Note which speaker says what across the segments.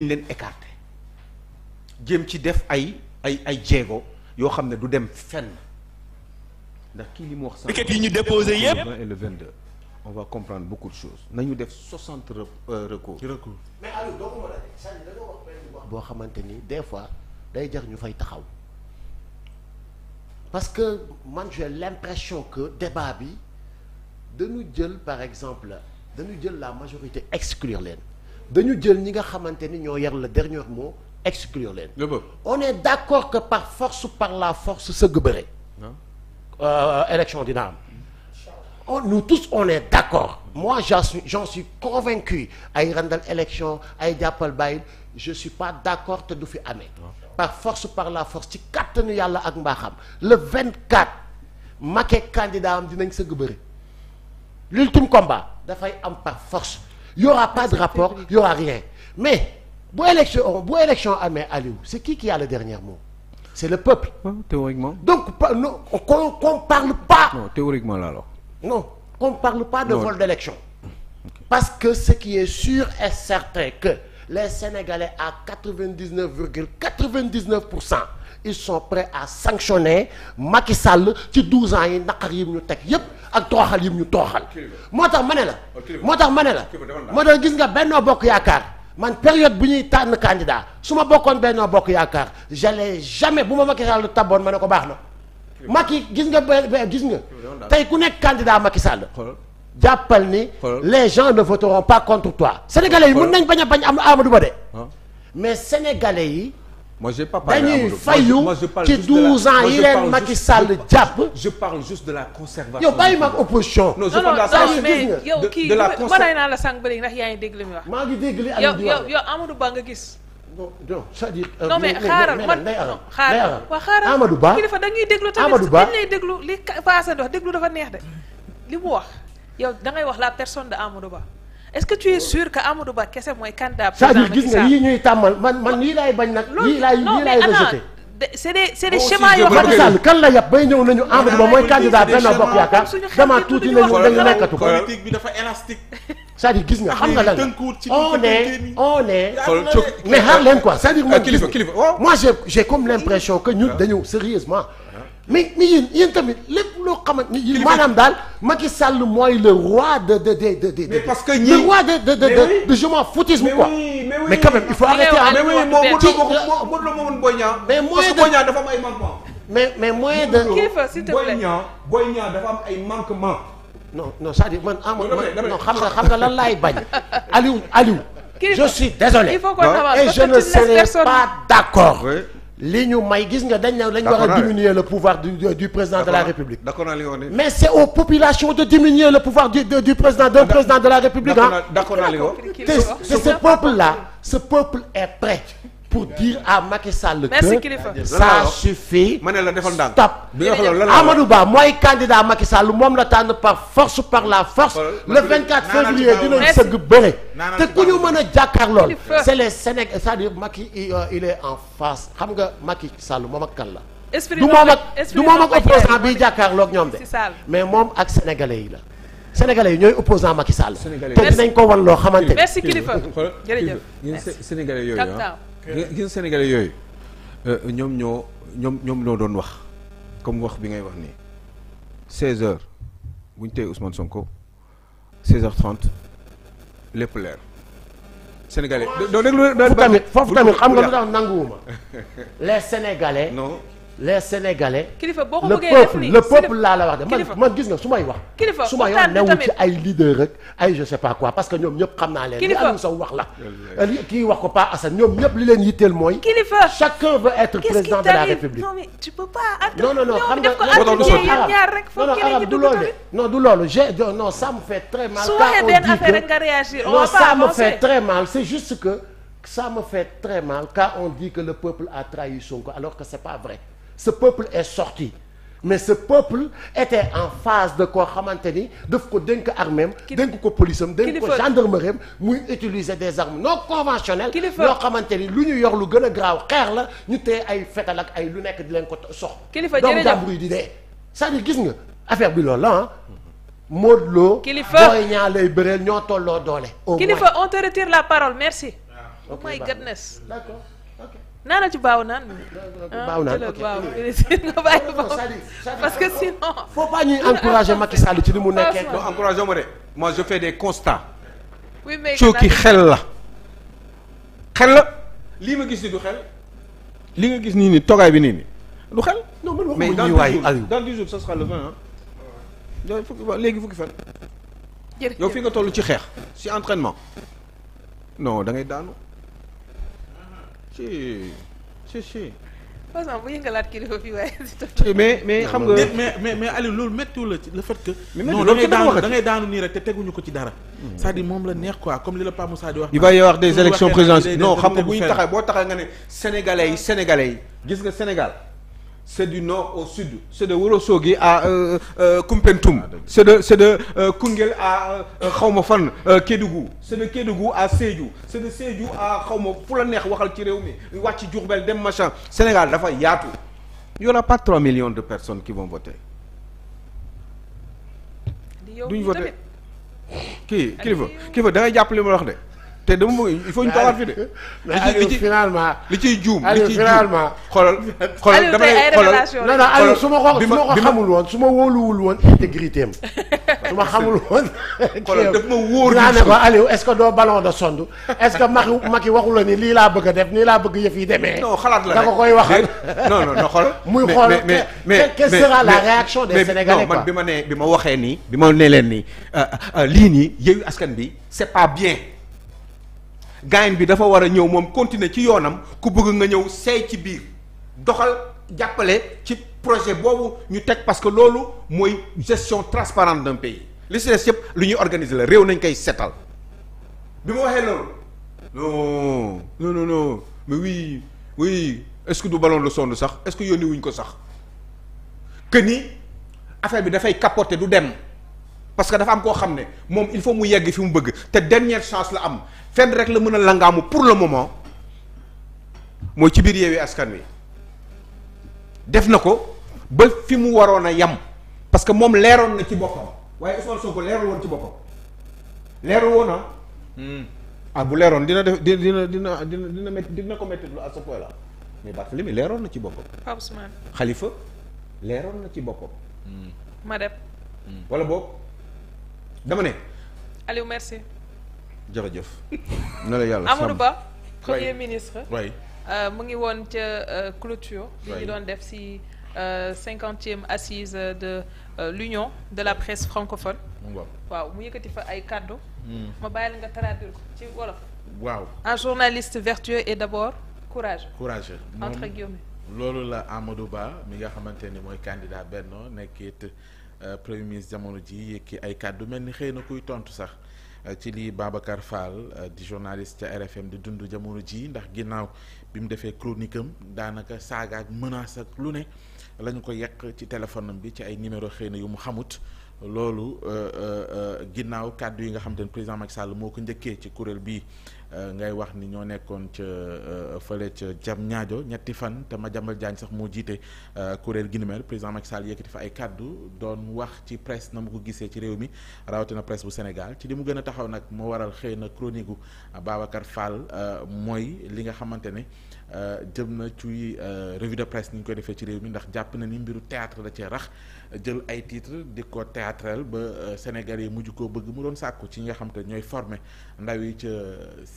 Speaker 1: leen écarté jéem ci def ay ay ay jéego yoo xam ne du dem fenn ndax kii li mu wax. piquet yi ñu déposé yëpp le 20 et le 22. on va comprendre beaucoup de choses nañu def 60 ko mën
Speaker 2: a boo xamante ni des fois day jar ñu fay taxaw parce que man j'ai l'impression que débat bi dañu jël par exemple dañu jël la majorité exclure leen. dañu jël ñi nga xamante ni ñoo yar la dernier mot exclure leen on est d'accord que par force par la force sëgg bëre euh, élection dina am on oh, nous tous on est d'accord moi j'en suis j'en suis convaincu ay randal élection ay jàppal bàyyil je suis pas d'accord te du fi amee par force par la force ci kàttanu yàlla ak mbaaxam le 24 make candidat am dinañ sëgg bëre l'ultime combat dafay am par force y aura pas de rapport y aura rien mais bu élection bu élection amee Aliou c'est qui qui a le dernier mot c'est le peuple. Ah, théoriquement. donc pa non qu'on qu'on parle pas. non théoriquement là alors. non qu'on parle pas de vol d'élection. parce que ce qui est sûr et certain que. les Sénégalais à quatre-vingt-dix-neuf virgule quatre-vingt-dix-neuf pour cent ils sont prêts à sanctionner Macky Sall ci douze ans yi naqar yi ñu teg yépp ak tooxal yi ñu tooxal moo tax ma ne la moo tax ma ne la moo tax gis nga Benno Bokk Yaakaar man période bu ñuy tànn candidat su ma bokkoon Benno Bokk Yaakaar j'allais jamais bu ma Macky Sall taboon ma ne ko baax na Macky gis nga gis nga tey ku nekk candidat Macky Sall jàppal ni les gens ne voteront pas contre toi sénégalais yi mën nañ bañ a bañ am Amadou Ba de ah. mais sénégalais yi
Speaker 1: moi j'ai pas parlé dañuy fayu ci 12 ans yi leen Macky
Speaker 2: Sall jàpp je parle juste de la conservation yow bàyyi ma opposition non mais yow kii mënay naa
Speaker 3: la sànq ba ndax yaa ngi dégg li muy wax maa yow yow Amadou Ba nga
Speaker 2: gis non non c'est-à-dire. non mais xaaral man xaaral waaw xaaral Amadou Ba kii
Speaker 3: dañuy déglu tamit dañ lay li paase wax déglu dafa neex de li mu wax yow da ngay wax la personne de Amadou Ba est-ce que tu es sûr que Amadou Ba kese mooy candidat gis nga yii ñuy
Speaker 2: tàmmal man man yii bañ nag. yii laay yii c'est des c'est des schémas xam ne kan la yàpp bay ñëw nañu Amadou Ba mooy candidat Benno Bokk Yaakaar dama tuuti nañu dañu nekkatu ko politique gis nga xam nga lan on est on est mais xaar leen quoi ah, comme l'impression que ñun ah. dañu sérieusement mais mais yéen yéen tamit lépp loo xamante ni maanaam daal Macky Sall mooy le roi de de de de de. mais parce que ñii le roi de de de de je m'en foutisme quoi. mais quand même il faut arrêter à. mais oui moom Modou Lo moo euh, mën Boy Niang. mais moyen de parce que Boy Niang dafa am ay manquements. mais mais moyen de. kilifa s'il te plaît Boy Niang Boy Niang dafa am ay manquements. non non c'est-à-dire man ah man non xam nga xam nga lan laay bañ Aliou Aliou. je suis désolé. il faut qu'on avance et je ne serai pas d'accord. li ñu may gis nga dañ ne dañ war a diminuer le pouvoir du du président de la république mais c'est aux populations de diminuer le pouvoir du président d'un président de la république ah ce peuple là ce peuple est prêt pour dire à Macky sàll que merci kilifa ça suffit. ma ne la defal ndànk stop Amadou Ba mooy candidat Macky Sall moom la tànn par force par la force. le 24 février dinañ sëgg bëre. te ku ñu mën a jàkkaarlool. c'est les Sénégalais c'est-à-dire Macky euh, il est en face xam nga Macky Sall moom ak kan la. du moom ak du moom ak opposant bi jàkkaarloog ñoom de. mais moom ak sénégalais yi la. sénégalais yi ñooy opposant Macky Sall. te dinañ ko wan loo xamante ni. merci kilifa jërëjëf sénégalais
Speaker 1: gis Sénégalais yooyu euh, ñoom ñoo ñoom ñoom ñoo doon wax comme wax bi ngay wax nii 16 heures bu ñu tey Ousmane Sonko 16 heures 30 lépp leer Sénégalais. doo déglu foofu tamit foofu tamit xam nga lu
Speaker 2: tax nanguwuma les Sénégalais. les sénégalais. kilifa boo ko bëggee def le peuple le laa la wax de man gis nga su may wax. kilifa su ma yoon ci ay leader rek ay je sais pas quoi parce que ñoom ñëpp xam naa leen. kilifa li wax la. kii wax ko Pa Assane ñoom ñëpp li leen yitteel mooy. kilifa chacun veut être président de la république. non mais tu peux pas. non sa non xam nga non du loolu de non du loolu j'ai me fait très mal. su on dit que le peuple a trahi Sonko alors que c'est pas vrai ce peuple est sorti mais ce peuple était en phase de koo xamante ni daf ko dénk armeem dénk ko policeam dénk ko gendarmerie am muy utiliser des armes non conventionnelles yoo xamante ni lu ñu yor lu gën a graaw xeer la ñu teye ay fetal ak ay lu nekk di leen ko sox doomu jàmbur yi di dee cest à gis nga affaire bi loolu la ah Modou Lo kilifa ñaa lay bëreel ñoo tolloo doole on
Speaker 3: te retire la parole merci ah, oh naanal ci baaw naan. baaw naan
Speaker 2: parce que sinon. faut pas ñuy encourager Macky Sall ci li mu nekkee. non
Speaker 1: encourager ma de moi je fais des constats.
Speaker 2: oui mais cooki xel
Speaker 1: la. xel la lii ma gis ni du xel. li nga gis nii nii togaay bi nii nii du xel. non man waxuma ñuy mais yow fi nga toll ci xeex. ci entraînement. non da ngay daanu. si si si.
Speaker 3: façon bu yëngalaat kilifa fii waaye.
Speaker 4: mais mais xam nga. mais mais mais Aliou loolu méttiwul la ci le fait que. daanu daanu nii rek te teguñu ko ci dara. cest à moom la neex quoi comme li la Pape Moussa di wax. yu bàyyi wax des élections présidentielles non xam nga bu
Speaker 1: ñu taxaw boo taxaw nga ne sénégalais yi sénégalais yi gis nga Sénégal. c'est du nord au sud c'est de Ourossogui à euh, euh, euh Koumpentoum ah, c'est de c'est de xawma euh, euh, fan Kédougou c'est de Kédougou à Sédhiou c'est de Sédhiou à xawma fu la neex waxal ci réew mi wàcc Diourbel dem machin Sénégal dafa yaatu il y aura pas millions de personnes qui vont voter duñ voter kii kilifa kilifa da jàpp li ma wax de te dama bëgg il faut ñu toogaat fi de. li ci
Speaker 2: finalement. li ciy juum li ciy juum finalement. xoolal xoolal dama lay xoolal non non Aliou su ma ko su xamul woon su ma wóoluwul woon intégrité am su ma xamul woon. xoolal daf ma wóor naa ne ma alo est-ce que doo ballon de sonde est-ce mag Macky Macky waxu ni lii laa bëgg a def nii laa bëgg yëf yi demee. non xalaat la rek da ko koy waxal. non non muy xool mais mais quelle sera la réaction des bi
Speaker 1: ma nee bi ma waxee nii. bi ma nee leen nii euh, euh, lii nii Yewwi Askan bi c'est pas bien. gaañ bi dafa war a ñëw moom continuer ci yoonam ku bëgg nga ñëw seey ci biir doxal jàppale ci projet boobu ñu teg parce que loolu mooy gestion transparente d'un pays li si des lu ñuy organiser la réew nañ koy setal bi ma waxee loolu non non non non mais oui oui est-ce que du ballon de sonde sax est-ce que yónni wuñ ko sax que ni affaire bi dafay capoter du dem parce que dafa am koo xam ne moom il faut mu yegg fi mu bëgg te dernière chance la am fedd rek la mën a langaamu pour le moment mooy ci biir Yewwi Askan Wi def na ko ba fi mu waroon a yem parce que moom leeroon na ci boppam waaye Ousmane Sonko leerul woon ci boppam leerul woon ah. Hmm. ah bu leeroon dina def dina dina dina dina métti dina ko métti lu à ce point là mais Barthélémy leeroon na ci boppam. Pape Ousmane. xalifa leeroon na ci boppam. Madep. Hmm. wala boobu. dama ne. Aliou merci. jërëjëf. na la yàlla Amadou Ba. premier ministre. waay
Speaker 3: euh, mu ngi woon ca euh, clôture. bi ñu doon def si euh, cinquantième assise de l'union de la presse francophone. waaw mu yëkkati fa ay kàddu. Hmm. ma bàyyi la nga traduire ko ci wolof. waaw un journaliste vertueux est d'abord courage
Speaker 4: courageux entre guillemets. loolu la Amadou Ba mi nga xamante ni mooy candidat Benno nekk Euh, premier ministre jamono ji yëkki ay kàddu mel ni xëy na kuy tontu sax euh, ci lii Babacar Fall euh, di journaliste ca RFM di dundu jamono ji ndax ginnaaw bi mu defee chronique daanaka saaga ak menace ak lu ne la ñu ko yàq ci téléphone am bi ci ay numéro xëy na yu mu xamut loolu ginnaaw kàddu yi nga xam te ne président Macky Sall moo ko njëkkee ci kuréel bii Euh, ngay wax ni ñoo nekkoon ca euh, fële ca jam ñaajo ñetti fan te Madiambal Diagne sax moo jiite euh, kuréel gi ni mel président Macky Sall yëkkati fa ay kàddu doon wax ci presse na mu ko gisee ci réew mi rawatina presse bu Sénégal ci li mu gën a taxaw nag moo waral xëy na chronique gu Babacar Fall mooy li nga xamante ne jëm na ci revue de presse ni ñu koy defee ci réew mi ndax jàpp na ni mbiru théâtre la cee rax jël ay titre di ko théâtral ba Sénégal yi mujj koo bëgg mu doon ci ñi nga xam te ñooy former ndaw yi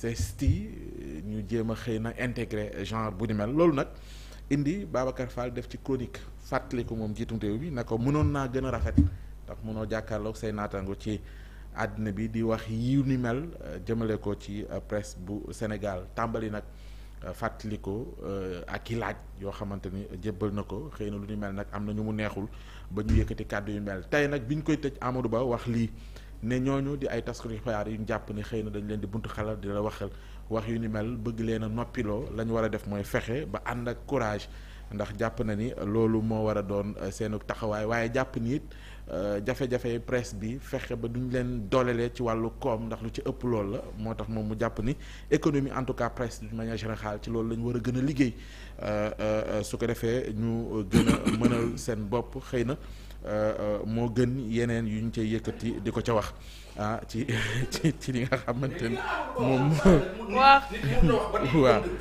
Speaker 4: CESTI ñu jéem a xëy na intégré genre bu ni mel loolu nag indi Babacar Fall def ci chronique fàttali ko moom jiitum réew bi na ko mënoon naa gën a rafet ndax mënoo jàkkaarlook say naataango ci àddina bi di wax yiw ni mel euh, jëmale ko ci euh, presse bu Sénégal tàmbali nag euh, fàttali ko ak i laaj yoo xamante ni jébbal na ko xëy na lu ni mel nag am na ñu mu neexul ba ñu yëkkati kàddu yu mel tey nag bi ñu koy tëj Amadou Ba wax lii. ne ñooñu di ay taskatu xibaar yu ñu jàpp ni xëy na dañ leen di buntu xalal di la waxal wax yu ni mel bëgg leen a noppiloo la ñu war a def mooy fexe ba ànd ak courage ndax jàpp na ni loolu moo war a doon euh, seen taxawaay waaye jàpp ni it euh, jafe-jafe presse bi fexe ba duñu leen doolelee ci wàllu koom ndax lu ci ëpp loolu la moo tax moom mu jàpp ni économie en tout cas presse d'une manière ci loolu la ñu war a gën a liggéey euh, su ko defee ñu gën a mënal seen bopp xëy na. Euh, euh, moo gën yeneen yu ñu cay yëkkati di ko ca wax ah ci ci li nga xamante ni moom waaw